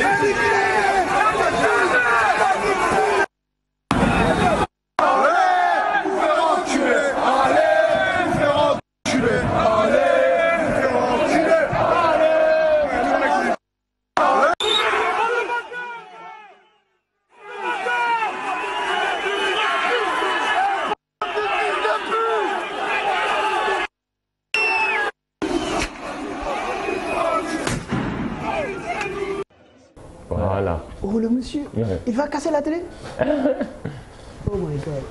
America! là. Oh le monsieur, ouais. il va casser la télé. oh my God.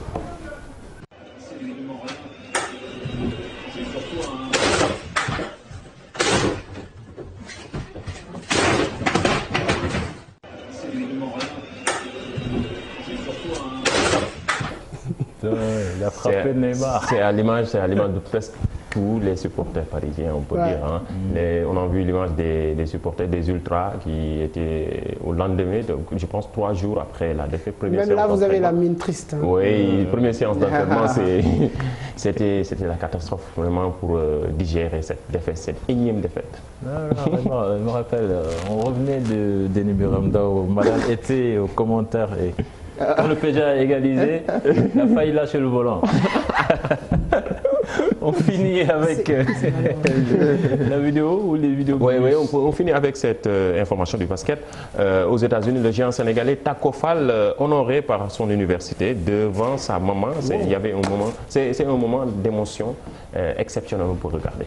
Euh, il a frappé Neymar. C'est à l'image, c'est à l'image de presque tous les supporters parisiens, on peut mm. a vu l'image des, des, supporters des Ultras qui étaient au lendemain, donc, je pense trois jours après la défaite. Première Même là, vous avez la mine triste. Hein. séance d'entraînement, la catastrophe pour euh, digérer cette défaite, cette énième défaite. Non, je me rappelle, euh, on revenait de Denis Biramda était aux commentaires et quand le PJ égalisé, il a failli le volant. on finit avec euh, la vidéo ou les vidéos. oui oui on, on finit avec cette euh, information du basket euh, aux États-Unis le géant sénégalais Taco Fall euh, honoré par son université devant sa maman. il y avait un moment c'est un moment d'émotion euh, exceptionnel pour regarder.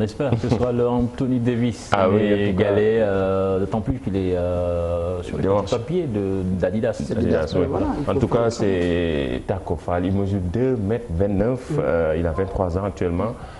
l'espère, que ce soit le Anthony Davis, ah, oui, Galais, euh, d'autant plus qu'il est euh, sur les papiers d'Adidas. Oui. Voilà, en tout cas, c'est Takofal, il mesure 2 m 29, il a 23 ans actuellement.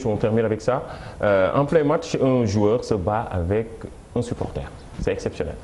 match, on termine avec ça. Euh, en plein match, un joueur se bat avec un supporter. C'est exceptionnel.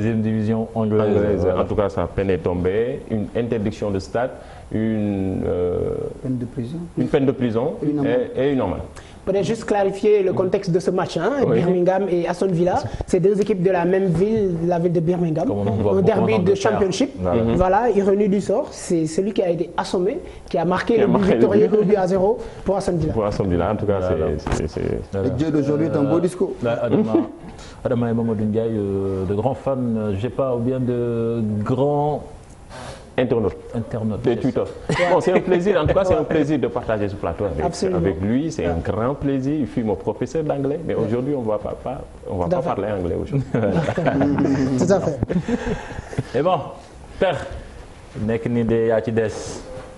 deuxième division anglaise. anglaise voilà. En tout cas, sa peine est tombée. Une interdiction de stade, une... Euh, peine de prison. Une peine de prison une et, et une amende. peut clarifier le contexte de ce match. Birmingham et Aston c'est deux équipes de la même ville, de Birmingham. On un derby de Championship. Voilà, mhm. du sort, c'est celui qui a été assommé, qui a marqué a le victorieux pour Aston Villa. en tout cas, c'est. Le Dieu d'aujourd'hui un beau euh, discours. Adama, et Mamadou Ndiaye, euh, de grands fans, euh, je sais pas, ou bien de grands Internaute. Internaute. Des tuteurs. Bon, c'est un plaisir, en tout cas, c'est un plaisir de partager ce plateau avec, lui. C'est un grand plaisir. Il fut mon professeur d'anglais, mais aujourd'hui, on va parler anglais aujourd'hui. tout à fait. Et bon, père. nekk ni de yaa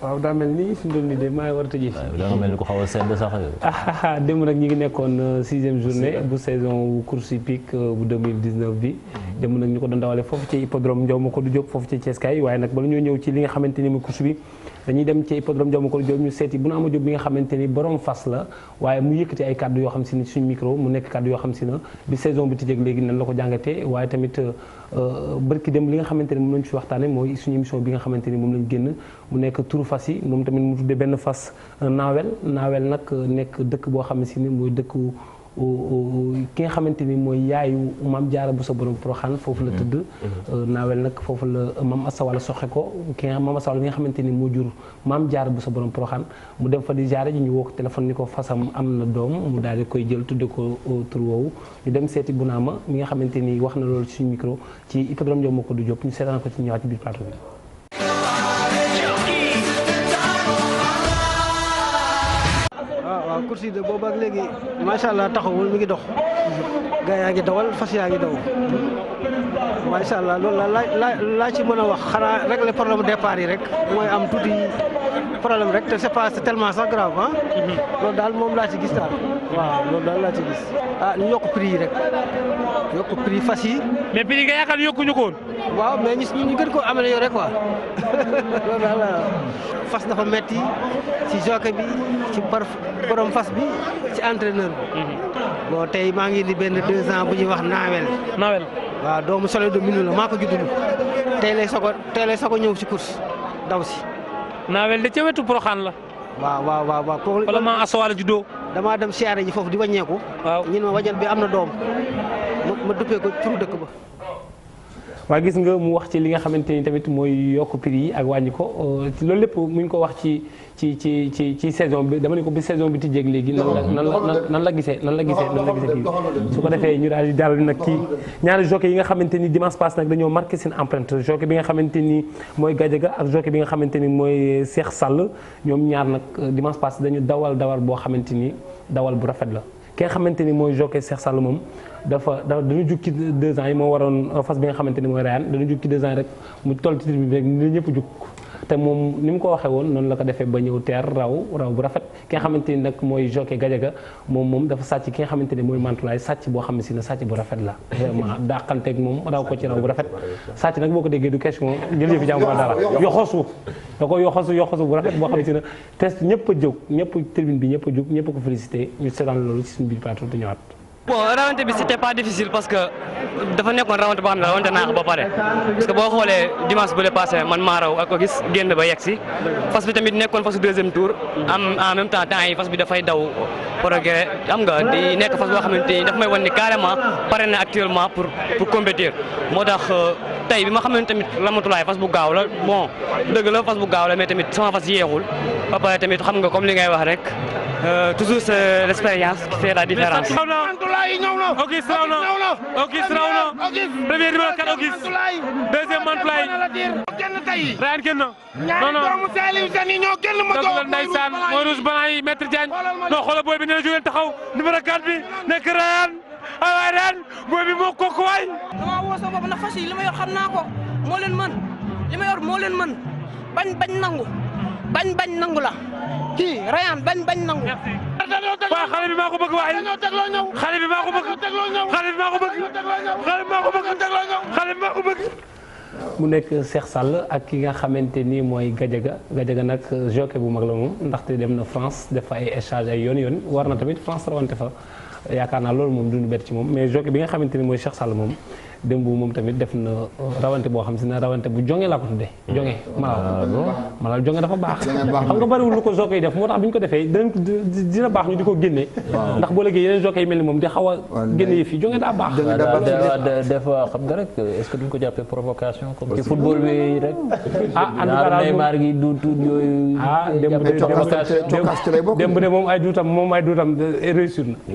waaw daa mel ni suñu doon nii de maa war a tëjee. waaw da nga ni ku xaw sedd sax yooyu. Ah, ah, ah, démb nag ñi ngi nekkoon euh, sixième journée bu saison course hippique euh, bu 2019 bi. démb nag ñu ko doon dawale foofu ci hippodrome Ndiaw Macodou Diop foofu ci Thiès kaay waaye nag bala ñoo ñëw ci li nga xamante ni mooy course bi. dañuy dem ci hippodrome Ndiaw Macodou Diop ñu seeti bu na ama Diop bi nga xamante ni borom fas la waaye mu yëkkati ay kàddu yoo xam si ni suñu micro mu nekk kàddu yoo xam si ne bi saison bi tijjeeg léegi nan la ko jàngate waaye tamit euh, bërki dem li nga xamante ni moom lañ fi waxtaane mooy suñu émission bi nga xamante ni moom lañ génn mu nekk turu fas yi moom tamit mu tuddee benn fas euh, naawel naawel nag euh, nekk dëkk boo xam ne si ni mooy dëkku euh, ki nga xamante ni mooy yaayu maam jaara bu sa borom poroxaan foofu la mmh. tëdd mmh. naawel nag foofu la maam asawala soxe ko ki nga maam asawala bi nga xamante ni moo jur maam jaara bu sa borom poroxaan mu dem fa di jaare ji ñu woo ko téléphone ni ko fasam am na doom mu daal di koy jël tudde ko tur woowu ñu dem seeti bu naa ma mi nga xamante ni wax na loolu suñu micro ci hippodrome ko Macodou Diop ñu seetaan ko ci ñëwaat ci biir plateau course yi de boobu ak léegi macha allah taxawul mi ngi dox. gaa yaa ngi dawal fas yaa ngi daw. macha allah lool la laa laa ci mën a wax xanaa régler problème départ yi rek mooy am tuuti problème rek te c'est pas c'est sax grave ah. Mhm. loolu daal moom laa ci gis daal. waaw loolu daal laa ci gis. ah ñu yokk prix yi rek yokk prix fas yi. mais prix nga yaakaar yokkuñu ko waaw mais ñu ñu gën koo amélioré quoi loolu daal fas dafa metti ci jockey bi ci par borom fas bi ci entraîneur bi. Mhm. bon tey maa ngi di benn deux bu ñuy wax naawel. naawel waaw doomu solo de minu la maa ko juddul tey lay soog a tey lay soog ñëw si course daw si. naawel de ca wetu Porokhane la. waaw waaw waaw waaw. kooku wala maa asawaale juddoo. damaa dem siyaare ji foofu di wàññeeku. waaw ñun ma wajal bi am na doom ma ma duppee dëkk ba. waa gis nga mu wax ci li nga xamante ni tamit mooy yokk prix yi ak wàññi ko euh, loolu lépp mu ñu ko wax ci ci ci ci ci saison bi dama ne ko bi saison bi tijjeeg léegi. nan la nan la gisee nan la gisee nan la gisee kii su ko defee ñu daal di daal nag kii ñaari jockey yi nga xamante ni dimanche passé nag dañoo marqué seen empreinte jockey bi nga xamante nii mooy Gadiaga ak jockey bi nga xamante ni mooy Cheikh Sall ñoom ñaar nag euh, dimanche passé dañu dawal dawal boo xamante ni dawal bu rafet la ki nga xamante ni mooy jockey Cheikh Sall moom dafa dafa dañu jukki deux ans yi moo waroon fas bi nga xamante ni mooy Rayane dañu jukki deux ans yi rek mu toll ci bi ñëpp jukk ko waxee woon noonu la ko defee ba ñëw teer raw bu rafet nga xamante ni nag mooy jockey Gadiaga moom moom dafa sàcc ki nga xamante ni mooy Mantoulaye sàcc boo xam ne si ne sàcc bu rafet la vraiment dàqanteeg moom ko bu rafet sàcc nag boo ko déggee du question jël yëfi jàmm dara ñëpp a jóg ñëpp tribune bi ñëpp a ñëpp ko félicité ñu seetaan loolu ci suñu biir plateau du ñëwaat bon rawante bi c'était pas difficile parce que dafa nekkoon rawante boo xam ne rawante naax ba pare parce que boo xoolee dimanche bu le man maa raw ak ko gis génn ba yegg fas bi tamit nekkoon fasu deuxième tour am en même temps temps yi fas bi dafay daw progrès xam nga di nekk fas boo xamante ni daf may wan ni carrément pare na actuellement pour pour moo tax euh, tey bi ma xam ne tamit Ramatulaay fas bu gaaw la bon dëgg la fas bu gaaw la mais tamit sama fas yéexul ba pare tamit xam nga comme li ngay wax rek euh, toujours c'est l'expérience qui fait la différence. Ramatulaay ñëw na Auguste raw na Auguste raw na premier numéro 4 Auguste deuxième Ramatulaay kenn tey raan kenn na non non donc ndeysaan mooy rouge blanc yi maître Diagne non xoolal booy bi nee na jógeen taxaw numéro 4 bi nekk raan waaw ren boobu bañ bañ nangu waaye xale bi maa ko bëgg xale bi maa ko bëgg mu nekk Cheikh Sall ak ki nga xamante nii mooy Gadiaga Gadiaga nag jockey bu mag la moom ndaxte dem na France def ay échange ay yoon yoon war na tamit France rawante fa. yaakaar naa loolu moom duñu bett ci moom mais jockey bi nga xamante ni mooy Cheikh Sall moom démb moom tamit def na euh, rawante boo xam si ne rawante bu jonge laa ko tuddee. jonge malal ah, malal ah, jonge dafa baax. xam nga bariwul lu ko jokkoo yi def moo tax bi ñu ko defee dinañ dina baax ñu di ko génne. ndax boo léegi yeneen jokkoo yi moom di xaw a ah, du de moom ay duutam moom ay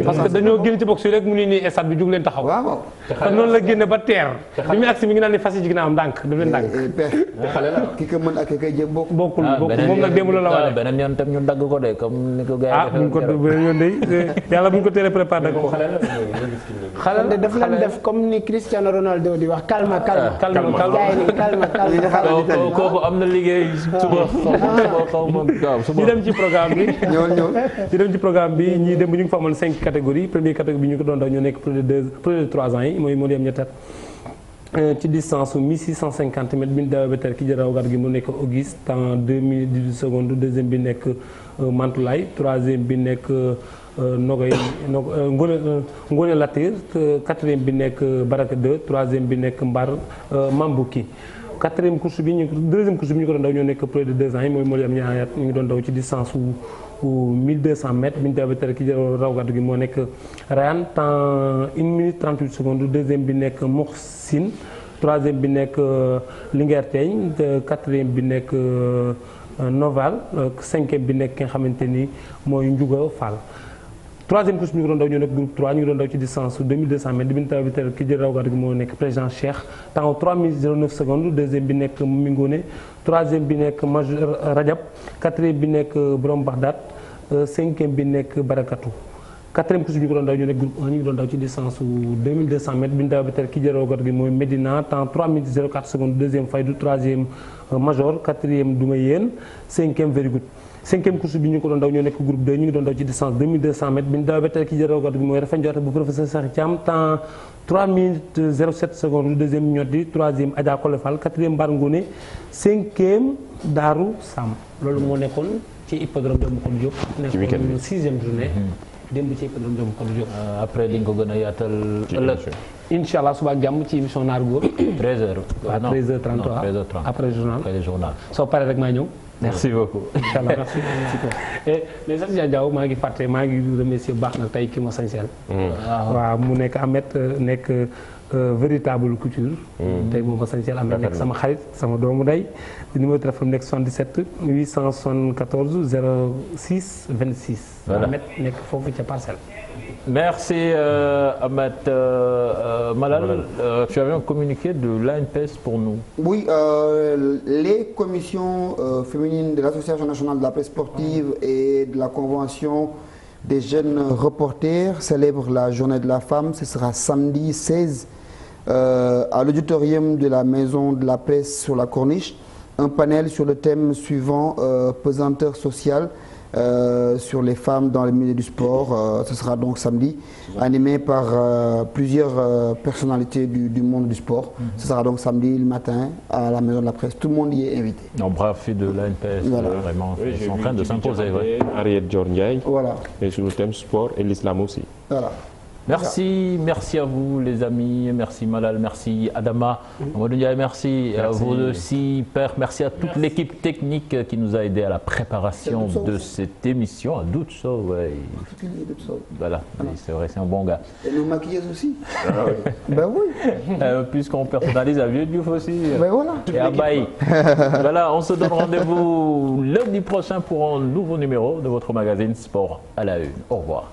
parce que dañoo génn ci box yi rek mu ne nii stade bi jug leen taxaw. ba teer bi muy agsi mi ngi naan ne fas yi ci ginnaawam ndànk daf ndànk eh, eh, ki ko mën ak ki koy jëm bokkul ah, bokkul moom nag démb la la wane beneen yoon tam ñu dagg ko de comme ni ko gars ah, beneen yoon de yàlla buñ ko teelee préparé ko xale daf leen def comme ni Cristiano Ronaldo di wax calma calma. Ah, calma calma calma kooku am na liggéey ah. suba xaw ma ñu dem ci programme bi. ñëwal ñëwal ñu dem ci programme bi ñii dem ñu ngi fa amoon cinq catégories première catégorie bi ñu ko doon daw ñoo nekk plus de deux plus de trois ans yi mooy moo di am ñett euh, ci distance su 1650 mètres bi ñu bi ba tey ki jël raw gàtt gi mu nekk Auguste temps 2 minutes 18 secondes deuxième bi nekk euh, Mantoulaye bi nekk. Euh, Nogay euh, Ngone euh, Ngone Latir quatrième bi nekk Baraka 2 troisième bi nekk Mbar euh, Mambouki quatrième course bi ñu bi ñu ko doon daw ñoo nekk près de deux ans yi mooy Mawli am ñaari at ñu ngi doon daw ci distance wu. ou 1200 mètres bi ñu dawee tere ki jël nekk deuxième bi nekk Moxsin troisième bi nekk Linguère Teeñ quatrième bi nekk Noval cinquième bi nekk ki nga xamante ni mooy Ndiouga Fall. troisième course bi ñu ngi doon daw ñoo nekk groupe 3 ñu ngi doon daw ci distance su 2200 mètres bi ñu taw bi teel ki jël raw gi moo nekk président Cheikh temps 3 minutes 09 secondes deuxième bi nekk Mingone troisième bi nekk Major Rajab quatrième bi nekk Borom Bagdad euh, cinquième bi nekk Barakatu quatrième course bi ñu ko ki jël raw gi mooy Medina temps 3 minutes 04 secondes deuxième Faydu troisième euh, Major quatrième Duma Yeen cinquième Very cinquième course bi ñu ngi ko doon daw ñoo nekk groupe 2 ñu ngi doon daw ci distance 2200 bi ñu daw ba ki jërëw gàtt bi mooy Refane Diatta bu professeur Cheikh Thiam temps 3 minutes 07 secondes deuxième ñotti troisième Adja quatrième Mbar Ngone cinquième Daaru Sam loolu moo nekkoon ci hippodrome Demba Kodu Diop. ci week-end bi nekkoon sixième journée. Hmm. démb ci hippodrome Demba Kodu Diop. Euh, après di nga ko gën a yaatal. ëllëg incha allah suba jàmm ci émission merci beaucoup incha merci mais maa ngi fàtte maa ngi remercier bu baax nag tey kii ma sañseel hmm. waaw mu nekk Ameth euh, nekk euh, véritable couture hmm. tey moom ma sañseel Ameth nekk sama xarit sama doomu ndey numéro téléphone nekk 77 874 06 26 Ameth nekk foofu ca parcelle Merci euh, Ahmed euh, euh Malal. Euh, tu avais un communiqué de l'ANPES pour nous. Oui, euh, les commissions euh, féminines de l'Association nationale de la presse sportive et de la Convention des jeunes reporters célèbrent la journée de la femme. Ce sera samedi 16 à l'auditorium de la maison de la presse sur la Corniche. Un panel sur le thème suivant, pesanteur sociale. Euh, sur les femmes dans le milieu du sport. Euh, ce sera donc samedi, animé par euh, plusieurs personnalités du, du, monde du sport. Mm -hmm. Ce sera donc samedi le matin à la Maison de la Presse. Tout le monde y est invité. Non, brave fille de l'ANPS, voilà. vraiment, oui, ils sont en train de s'imposer. Ouais. Ariel Jorniaï, voilà. et sur le thème sport et l'islam aussi. Voilà. Merci, merci à vous les amis, merci Malal, merci Adama, Amadou merci, à euh, vous aussi, Père, merci à toute l'équipe technique qui nous a aidés à la préparation de cette émission, à Doutso, ouais. Voilà, ah c'est vrai, c'est Et nos maquilleuses aussi. Ah euh, puisqu'on personnalise à Vieux Diouf Et à Baï. voilà, on se donne rendez-vous lundi prochain pour un nouveau numéro de votre magazine Sport à la Une. Au revoir.